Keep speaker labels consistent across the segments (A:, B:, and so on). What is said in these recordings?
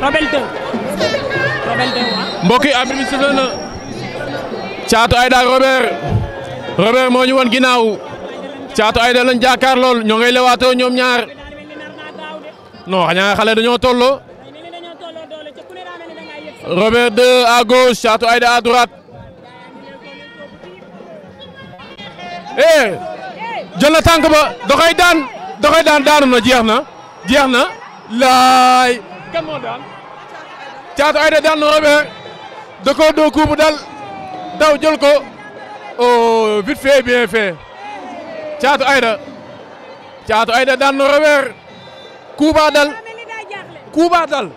A: Robel 2
B: Robel 2 mbokk yi arbitre bi sifflé na moo ñu woon ginnaaw Thiatou Aïda lañ jàkkaar lool ñoo ngay lewaatoo ñoom ñaar non xanaa xale dañoo tolloo. Robert 2 à gauche Thiatou Aïda à droite. eh ba doxay daan daanu na jeex na jeex na laay kan moo daan Robert da doo kuubu dal daw jël ko oh vite bien fait Thiatou Aïda Thiatou Aïda daan Robert Kouba dal Kouba dal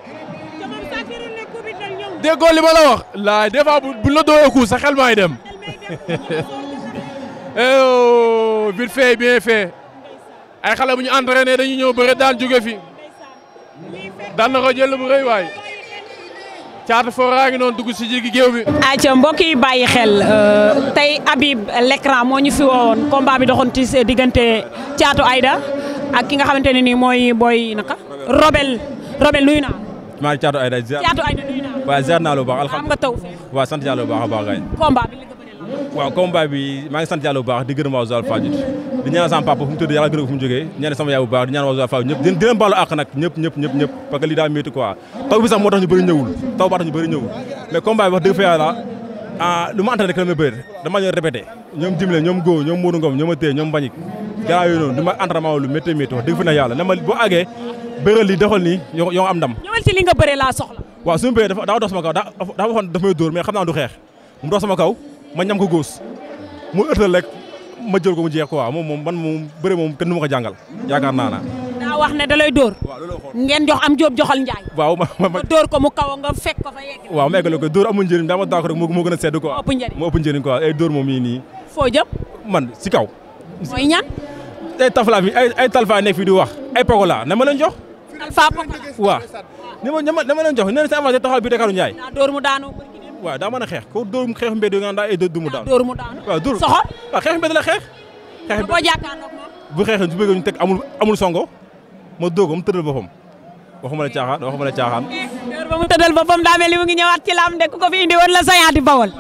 B: déggoo wax laay des bu la dooyee ku sa xel maay dem vite fait bien fait ay xale bu ñu entraîné dañu ñëw bëre daan jóge
A: fi daan na ko jël bu rëy waay caatu fooraa ngi noonu dugg si jigi géew bi aca mbokk yi bàyyi xel euh, tey Habib l'écran moo ñu fi woowoon combat bi doxoon ci diggante caatu ayda ak ki nga xamante ne nii mooy booy naka. Robel Robel nuyu naa.
C: maa ngi caatu ay day ziar caatu naa. waaw ziar naa lu baax alhamdulilah am nga taw fee. waaw sant yàlla bu a baax gaay.
A: combat bi waaw
C: combat bi maa ngi sant yàlla baax di gërëm waa Joal Fadiouth di ñaanal sama papa fu mu tëdd yàlla gërëm fu mu jógee ñaanal sama yaay bu baax di ñaanal waa Joal Fadiouth ñëpp di leen baalu àq nag ñëpp ñëpp ñëpp ñëpp parce que taw bi moo tax ñu bëri ñëwul taw baa ñu bëri ñëwul mais combat bi wax dëgg fa yàlla ah, lu ma entraîné rek la may bëri dama ñoo répété ñoom dimle ñoom góo ñoom Modou Ngom ñoom a gars yooyu noonu du ma entraînement lu métti métti wax dëgg fa na na ma boo àggee bëral li doxal nii yo yo am ndam
A: ñëwal ci li nga bëree laa soxla
C: waaw su ma bëree dafa dox sama kaw mu dox sama ma ñam mu ma jël ko mu jeex moom moom man moom bëri moom kenn du ma ko jàngal naa naa
A: daa wax da lay dóor ngeen jox am jóob joxal njaay
C: waaw ma
A: dóor ko mu kaw nga fekk ko fa yegg
C: waaw ma eggale ko dóor amul njëriñ daa ma daa ko rek moo gën a sedd quoi moo ëpp njëriñ quoi ay eh, dóor moom yii nii foo jëm man si kaw mooy ñaan ay tafla bi ay ay talfa nekk fii di wax ay Pokola na ma leen jox.
A: talfa Pokola waaw.
C: ni ma na ma leen jox nee na sa avancé taxawal bi Dakaru Ndiaye. waaw dóor mu daanu. waaw daa mën a xeex ko dóor mu xeex mbedd nga daa ay dóor mu daanu. dóor mu daanu waaw dóor soxor. waaw xeex mbedd la xeex. xeex bi boo jàkkaarloog moom. bu xeexee bu bëggee ñu teg amul amul songo ma dóor ko mu tëddal boppam waxuma la caaxaan waxuma la caaxaan.
A: dóor ba mu tëddal boppam daa mel ni mu ngi ñëwaat ci laam de ku ko fi indi woon la sañaati bawal.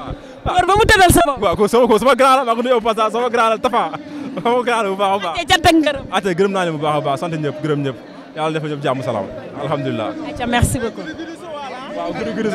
A: dóor ba mu tëddal sa
C: bopp. waaw ko sama ko sama
A: grand la maa ko nuyoo passage sama
C: grand la Tafa waaw a baax. cant ak ngërëm. ate gërëm naa leen bu baax a baax sant ñëpp gërëm ñëpp yàlla defal ñëpp jàmm salaam alhamdulilah.
A: ayca